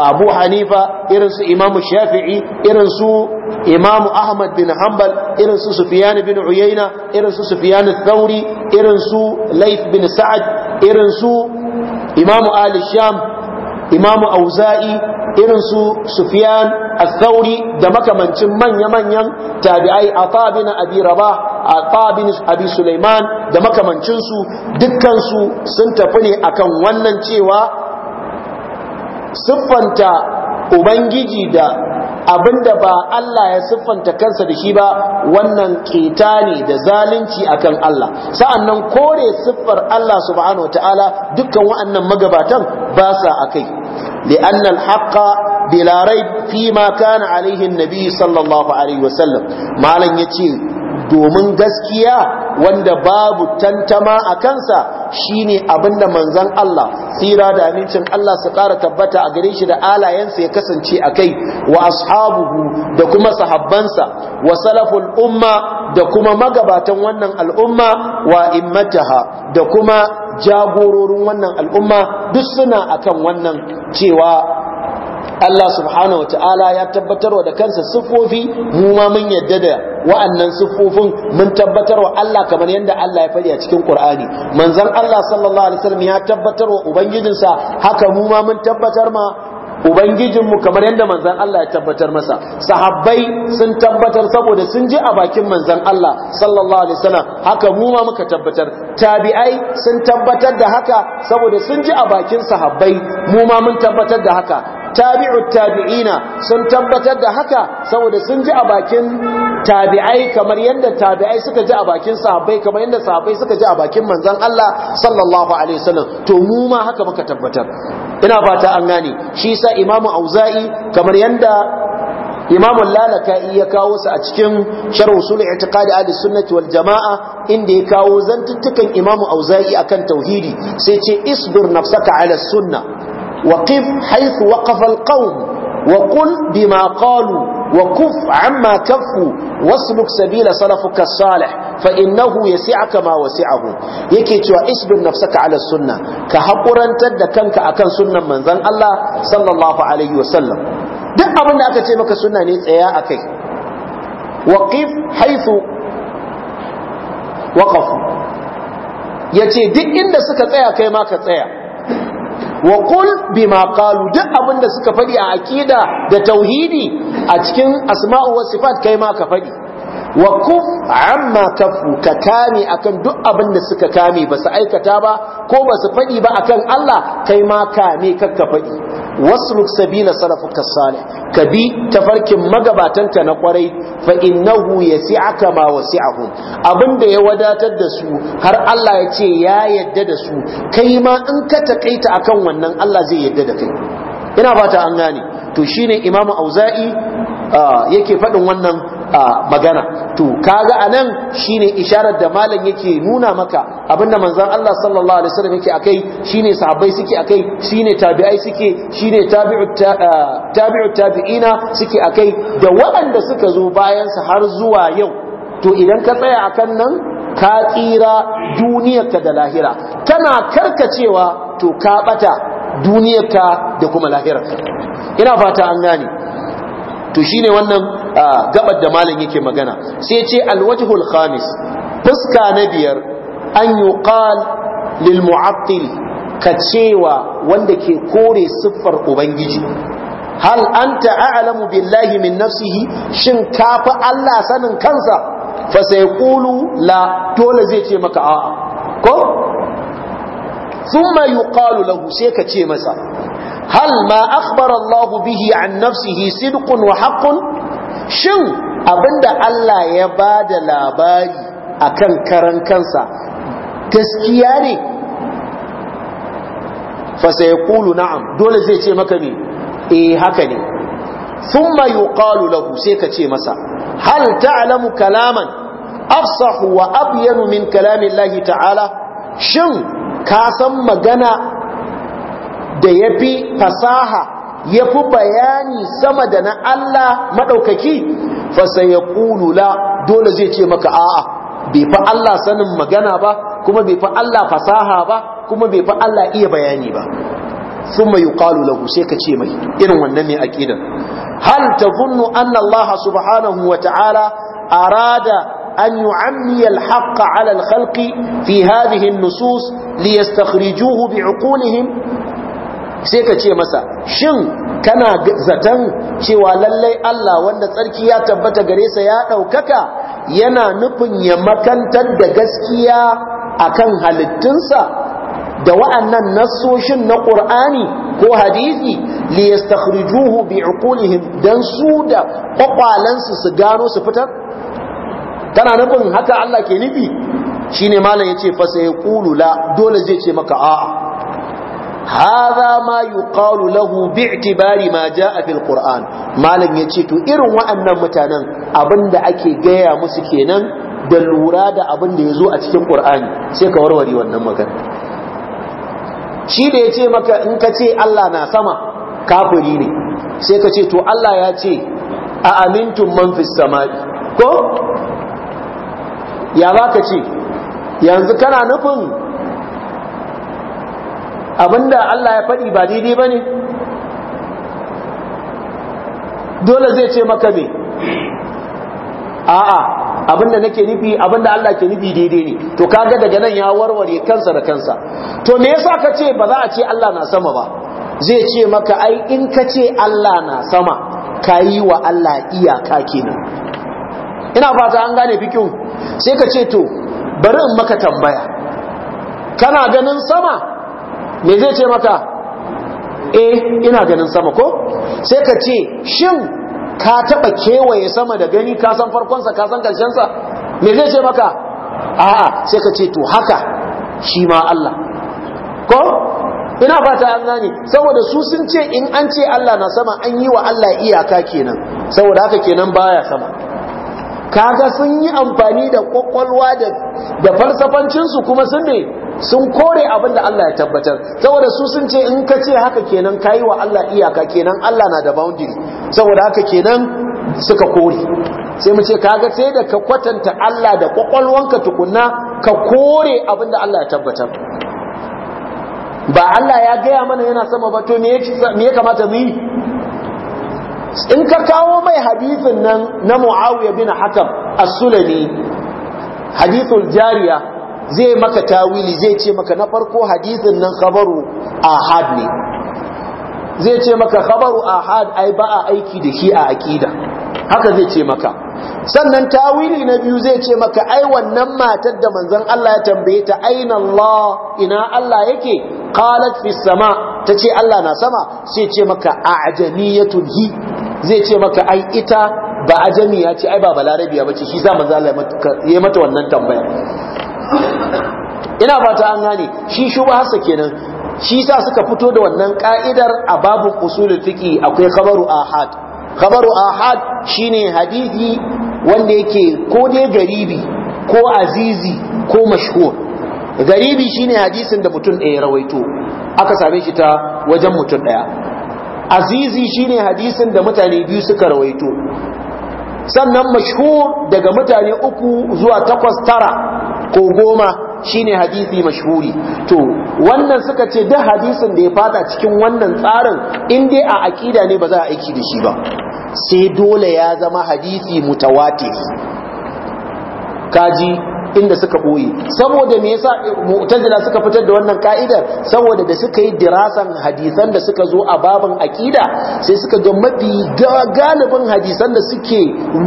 abu hanifa irin su imamu shafi'i irin su imamu ahmad bin hanbal irin su sufyan bin uyayna irin su sufyan thauri irin su laif bin sa'ad irin su imamu ali sham Imam auza'i irin su sufyan al-thauri da makamancin manya-manyan tabi'ai a bin abi rabah ata bin abi sulaiman da makamancinsu, su sun tafi ne akan wannan cewa siffanta ubangiji da abinda ba Allah ya siffanta kansa da shi ba wannan keta ne da zalunci akan Allah sa'annan kore siffar Allah subhanahu ta'ala dukkan wa'annan magabatan ba sa akai li'anna al-haqqa bila raib fi ma kana sallallahu alaihi wasallam malan yace domin gaskiya wanda babu tantama a kansa shine abinda manzan Allah tsira da amincin Allah su ƙara tabbata a gare shi da alayensa ya kasance a kai wa ashabuhu da kuma sahabbansa wa salaful umma da kuma magabatan wannan al'umma wa immataha da kuma jagororin wannan al'umma duk suna akan wannan cewa Allah subhanahu wa ta'ala ya tabbatarwa da kansa siffofi mu ma mun yadda da wa'annan siffofin mun tabbatarwa Allah kamar yadda Allah ya faɗi a cikin Qur'ani manzon Allah sallallahu alaihi wasallam ya tabbatarwa ubangijinsa haka mu ma mun tabbatar ma ubangijinmu kamar yadda manzan Allah ya tabbatar masa sahabbai sun tabbatar saboda sun ji a bakin manzan Allah sallallahu alaihi wasallam haka mu ma muka tabbatar tabi'ai sun tabbatar da haka saboda sun ji a bakin sahabbai mu ma mun tabbatar da haka tabi'ut tabi'ina sun tabbatar da haka saboda sun ji a bakin tabi'ai kamar yadda tabi'ai suka ji a bakin sahabbai kamar yadda sahabbai suka ji a bakin manzon Allah sallallahu alaihi wasallam to mu ma haka muka tabbatar ina fata an gane shi sa imamu auza'i kamar yadda imam lalaka'i ya kawo su a cikin sharh usul i'tiqad ahli sunnati wal inda ya kawo zantuttukan imam auza'i akan tauhidi sai ce isbir nafsaka ala وقف حيث وقف القوم وقل بما قالوا وكف عما كفوا واسلك سبيل سلفك الصالح فإنه يسعك ما وسعه يكي توا اسبر نفسك على السنة كهقرا تد كنك أكن سنة من ذن الله صلى الله عليه وسلم duk abin da aka ce maka sunna ne tsaya a kai waqif haithu waqafu yace duk inda suka tsaya kai ma ka tsaya wa bi bima qalu duk abinda suka faɗi a Akida da tauhidi a cikin asma'u wa sifat kai ma ka faɗi wa kuf amma kafu ka kame akan duk abin da suka kame ba su aikata ba ko ba su faɗi ba akan Allah kai ma kame kakka faɗi wasluk sabila salafuka salih ka bi tafarkin magabatanka na kwarai fa innahu yasi'aka ma wasi'ahum abin da ya wadatar da su har Allah ya ce ya yadda da su kai ma in ka takaita akan wannan Allah zai yadda da kai ina fata an gane to shine imamu auza'i yake faɗin wannan magana to kaga anan shine isharar da malam yake nuna maka abinda manzon Allah sallallahu alaihi wasallam yake akai shine sahabbai suke akai shine tabi'ai suke shine tabi'u tabi'ina suke akai da waɗanda suka zo bayan su har zuwa yau to idan ka tsaya akan nan ka tsira duniyarka da lahira kana karkacewa to ka bata duniyarka da kuma lahirarka ina fata an gane to shine wannan gabar da malam yake magana sai ce alwajhul khamis fuska na biyar an yuqal lil mu'attil ka cewa wanda ke kore siffar ubangiji hal anta a'lamu billahi min nafsihi shin kafi Allah sanin kansa fa sayqulu la dole zai ce maka a'a ko thumma yuqalu lahu sai ka ce masa hal ma akhbara bihi an nafsihi sidqun wa haqqun shin abinda Allah ya da labari akan karan kansa gaskiya ne fa kulu na'am dole zai ce maka ne eh haka ne thumma yuqalu lahu sai ka ce masa hal ta'alamu kalaman afsahu wa abyanu min kalami ta'ala shin ka san magana da ya fi fasaha yafi bayani sama da na Allah maɗaukaki fasa ya la dole zai ce maka a'a bai fi Allah sanin magana ba kuma bai Allah fasaha ba kuma bai fi Allah iya bayani ba sun mai yi lagu sai ka ce mai irin wannan ne aƙidan hal ta gunnu an subhanahu wa ta'ala arada an yi amniyar haƙa alal halki fi hadihin nusus li yastakhrijuhu bi uƙulihim sai ka ce masa shin kana zaton cewa lallai Allah wanda tsarki ya tabbata gare sa ya ɗaukaka yana nufin ya makantar da gaskiya a kan halittunsa da wa'annan nasoshin na ƙur'ani ko hadisi li yastakhrijuhu bi uqulihim dan su da kwakwalansu su gano su fitar kana nufin haka Allah ke nufi shine malam yace fa sai qulu la dole zai ce maka a'a hadha ma yuqalu lahu bi'tibari ma jaa fil qur'an malam yace to irin waɗannan mutanen abinda ake gaya musu kenan da lura da abin ya zo a cikin ƙur'ani, sai ka warware wannan magana shi da yace maka in ka ce Allah na sama kafiri ne sai ka ce to Allah ya ce a amintum man fis ko ya baka ce yanzu kana nufin abinda Allah ya faɗi ba daidai ba ne dole zai ce maka me a'a abinda nake nufi abinda Allah ke nufi daidai ne to kaga daga nan ya warware kansa da kansa to me yasa ka ce ba za a ce Allah na sama ba zai ce maka ai in ka ce Allah na sama ka yi wa Allah iyaka kenan ina fata an gane fikin sai ka ce to bari in maka tambaya kana ganin sama me zai ce maka eh ina ganin sama ko sai ka ce shin ka taba kewaye sama da gani ka san farkonsa ka san karshensa me zai ce maka a'a sai ka ce to haka shi ma Allah ko ina fata an gane saboda su sun ce in an ce Allah na sama an yi wa Allah iyaka kenan saboda haka kenan baya sama kaga sun yi amfani da kwakwalwa da farsafancinsu kuma sun ne sun kore abinda Allah ya tabbatar saboda su sun ce in ka ce haka kenan ka yi wa Allah iyaka kenan Allah na da boundary saboda haka kenan suka kore sai mu ce kaga sai da ka kwatanta Allah da kwakwalwanka tukunna ka kore abin da Allah ya tabbatar ba Allah ya gaya mana yana sama ba to me ya kamata mu yi in ka kawo mai hadisin nan na Muawiya bin Hakam as-Sulami hadithul jariya zai maka tawili zai ce maka na farko hadisin nan khabaru ahad ne zai ce maka khabaru ahad ai ba a aiki da shi a akida haka zai ce maka sannan tawili na biyu zai ce maka ai wannan matar da manzon Allah ya tambaye ta aina Allah ina Allah yake qalat fis sama tace Allah na sama sai ce maka a'janiyatun hi zai ce maka ai ita ba ajamiya ce ai ba balarabiya bace shi za manzon Allah ya mata wannan tambaya ina fata an gane shi hasa kenan shi sa suka fito da wannan ka'idar a babu usulul fiqi akwai khabaru ahad khabaru ahad shine hadisi wanda yake ko dai garibi ko azizi ko mashhur garibi shine hadisin da mutum ɗaya rawaito aka same shi ta wajen mutum ɗaya azizi shine hadisin da mutane biyu suka rawaito sannan mashhur daga mutane uku zuwa takwas tara ko goma shine hadisi mashhuri to wannan suka ce duk hadisin da ya fada cikin wannan tsarin in dai a akida ne ba za a aiki da shi ba sai dole ya zama hadisi mutawatir kaji inda suka boye saboda me yasa mu'tazila suka fitar da wannan ka'idar saboda da suka yi dirasan hadisan da suka zo a babin aqida sai suka ga mafi galibin hadisan da suke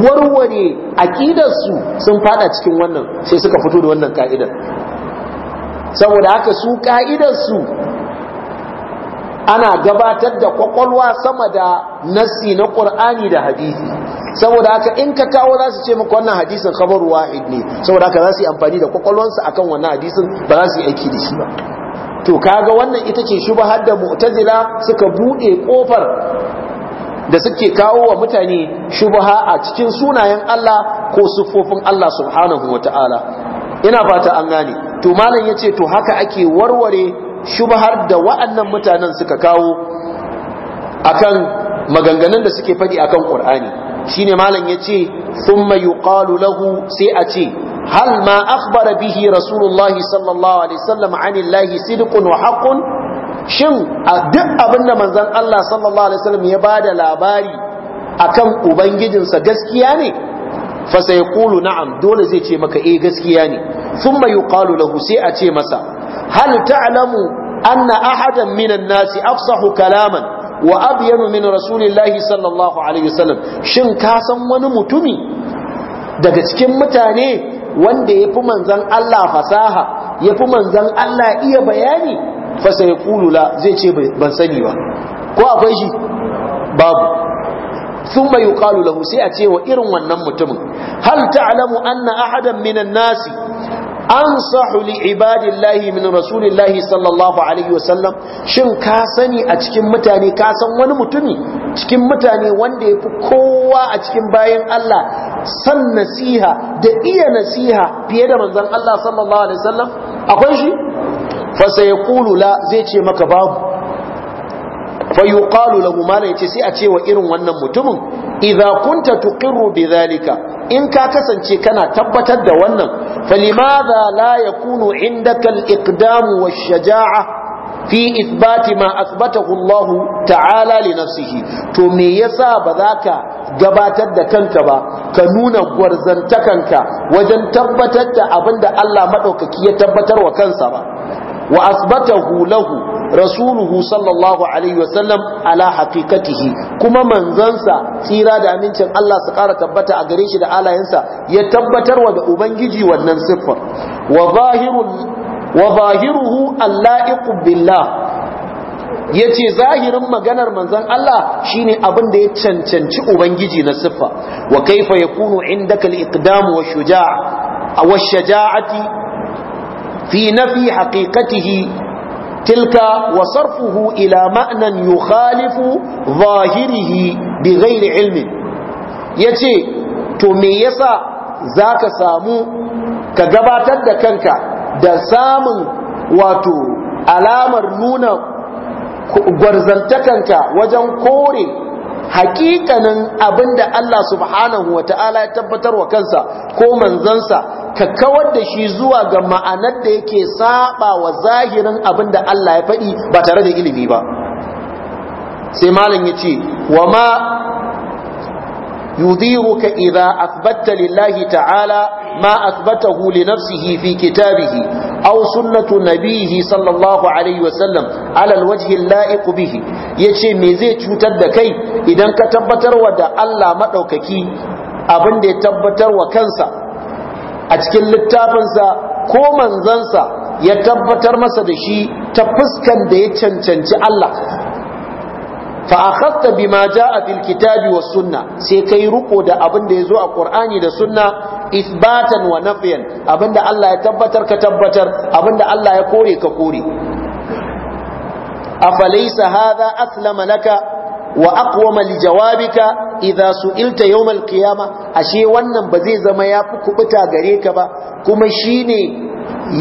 warware aqidar su sun fada cikin wannan sai suka fito da wannan ka'idar saboda haka su ka'idar su ana gabatar da kwakwalwa sama da nassi na Qur'ani da hadisi saboda haka in ka kawo za su ce muku wannan hadisin khabaru wahid ne saboda haka za su yi amfani da kwakwalwansu akan wannan hadisin ba za su yi aiki da shi ba to kaga wannan ita ce shubhar da mu'tazila suka bude kofar da suke kawo wa mutane shubha a cikin sunayen Allah ko siffofin Allah subhanahu wata'ala ina fata an gane to malam ya ce to haka ake warware shubhar da wa'annan mutanen suka kawo akan maganganun da suke faɗi akan Qur'ani shine malam yace thumma yuqalu lahu sai a ce hal ma akhbara bihi rasulullahi sallallahu alaihi wasallam anillahi sidqun wa haqqun shin duk abinda manzon Allah sallallahu alaihi wasallam ya bada labari akan ubangijinsa gaskiya ne fa sai yaqulu na'am dole zai ce maka eh gaskiya ne thumma yuqalu lahu sai a ce masa hal ta'lamu anna ahadan minan nasi afsahu kalaman wa abyanu min rasulillahi sallallahu alaihi wasallam shin ka san wani mutumi daga cikin mutane wanda yafi manzon Allah fasaha yafi manzon Allah iya bayani fa sai la zai ce ban sani ba ko akwai shi babu thumma yuqalu lahu sai a ce wa irin wannan mutumin hal ta'lamu anna ahadan minan nasi ansahu li ibadillahi min rasulillahi sallallahu alaihi wasallam shin ka sani a cikin mutane ka san wani mutumi cikin mutane wanda yafi kowa a cikin bayan Allah san nasiha da iya nasiha fiye da manzon Allah sallallahu alaihi wasallam akwai shi fa sayqulu la zai ce maka babu fa yuqalu lahu mala yace sai a ce wa irin wannan mutumin idza kunta tuqirru bidhalika in ka kasance kana tabbatar da wannan falimadha la kunu inda kal ikdamu wa shaja'a fi isbati ma athbatahu Allah ta'ala li nafsihi to me yasa ba za ka gabatar da kanka ba ka nuna gwarzantakanka wajen tabbatar da abinda Allah maɗaukaki ya tabbatar wa kansa ba wa asbatahu lahu rasuluhu sallallahu alaihi wasallam ala haqiqatihi kuma manzansa tsira da amincin Allah su ƙara tabbata a gare shi da alayensa ya wa da ubangiji wannan siffar wa zahirul wa zahiruhu allaiqu billah ya ce zahirin maganar manzan Allah shine abin da ya cancanci Ubangiji na siffa wa kaifa ya kunu inda kal'iƙdamu wa shaja'ati fi nafi haƙiƙatihi tilka wa sarfuhu ila ma'nan yukhalifu zahirihi bi ghairi ilmin yace to me yasa zaka samu ka gabatar da kanka da samun wato alamar nuna gwarzantakanka wajen kore hakikanin abinda Allah subhanahu wa ta'ala ya tabbatar wa kansa ko manzansa ka kawar da shi zuwa ga ma'anar da yake saba wa zahirin abin da Allah ya faɗi ba tare da ilimi ba sai malam ya ce wa ma yudhiru ka idha athbatta lillahi ta'ala ma athbatahu li nafsihi fi kitabihi aw sunnatu nabiyhi sallallahu alayhi wa sallam ala alwajhi al yace me zai cutar da kai idan ka tabbatar wa da Allah madaukaki abin da ya tabbatar wa kansa a cikin littafinsa ko manzansa ya tabbatar masa da shi ta fuskan da ya cancanci Allah fa'akasta bi ma ja a filkitabi wa sunna sai ka yi ruko da abin da ya zo a ƙur'ani da sunna isbatan wa nafiyan abin da Allah ya tabbatar ka tabbatar abin da Allah ya kore ka kore a falaisa haza aslama laka wa aqwama li jawabika idza su'ilta yawm al-qiyama ashe wannan ba zai zama yafi kubuta gare ka ba kuma shine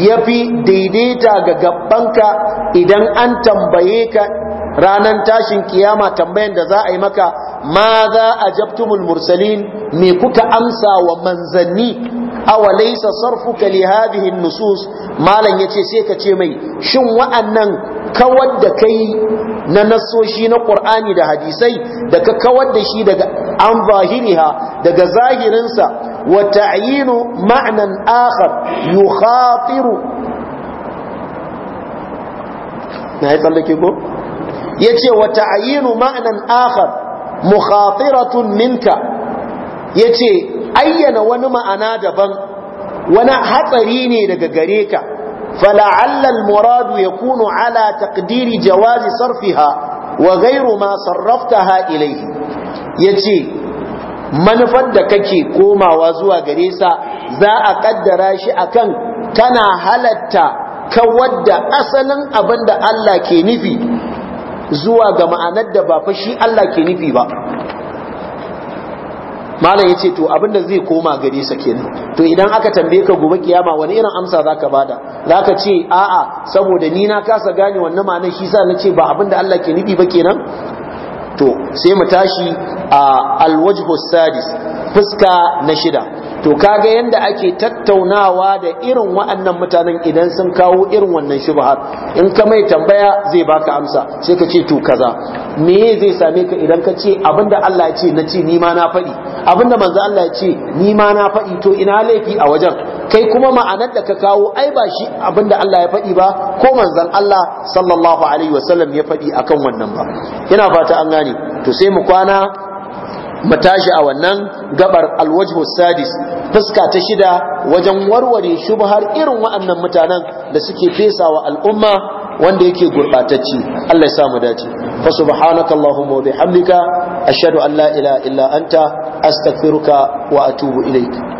yafi daidaita ga gabbanka idan an tambaye ka ranan tashin kiyama tambayan da za a yi maka ma za ajabtumul mursalin me kuka amsa wa manzanni sarfu ka li hadhihi nusus malam yace sai ka ce mai shin wa'annan kawar da kai na nasoshi na Qur'ani da hadisai da ka kawar da shi daga an zahiriha daga zahirinsa wa ta'yinu ma'nan akhar yukhatiru na ya tsallake ko yace wa ta'yinu ma'nan akhar mukhatiratun minka ya ce ayyana wani ma'ana daban wani hatsari ne daga gare ka fala'allal muradu ya kuno ala takdiri jawazi sarfiha wa gairu ma ha ilaihi ya ce manufar da kake komawa zuwa gare sa za a kaddara shi akan tana halatta kawar da asalin abin da Allah ke nufi zuwa ga ma'anar da ba fashi Allah ke nufi ba malam ya ce to abin da zai koma gare sa kenan to idan aka tambaye ka gobe kiyama wani irin amsa zaka bada ka ce a'a saboda ni na kasa gane wannan ma'anar shi sa ce ba abin da Allah ke nufi ba kenan to sai mu tashi a alwajhu sadis fuska na shida to kaga yanda ake tattaunawa da irin wa'annan mutanen idan sun kawo irin wannan shubhar in ka mai tambaya zai baka amsa sai ka ce to kaza me zai same ka idan ka ce abinda Allah ya ce na ce ni ma na faɗi abinda manzo Allah ya ce ni na faɗi to ina laifi a wajen kai kuma ma'anar da ka kawo ai ba shi abinda Allah ya faɗi ba ko manzon Allah sallallahu alaihi wasallam ya faɗi akan wannan ba ina fata an gane to sai mu kwana mu tashi a wannan gabar alwajhu sadis fuska ta shida wajen warware shubhar irin waɗannan mutanen da suke fesa wa al'umma wanda yake gurbatacci Allah ya sa mu dace fa subhanakallahumma wa bihamdika ashhadu an la ilaha illa anta astaghfiruka wa atubu ilaik